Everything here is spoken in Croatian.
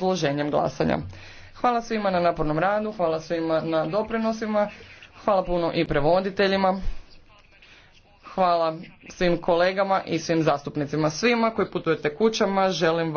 izloženjem glasanja. Hvala svima na napornom radu, hvala svima na doprinosima, hvala puno i prevoditeljima, hvala svim kolegama i svim zastupnicima, svima koji putujete kućama, želim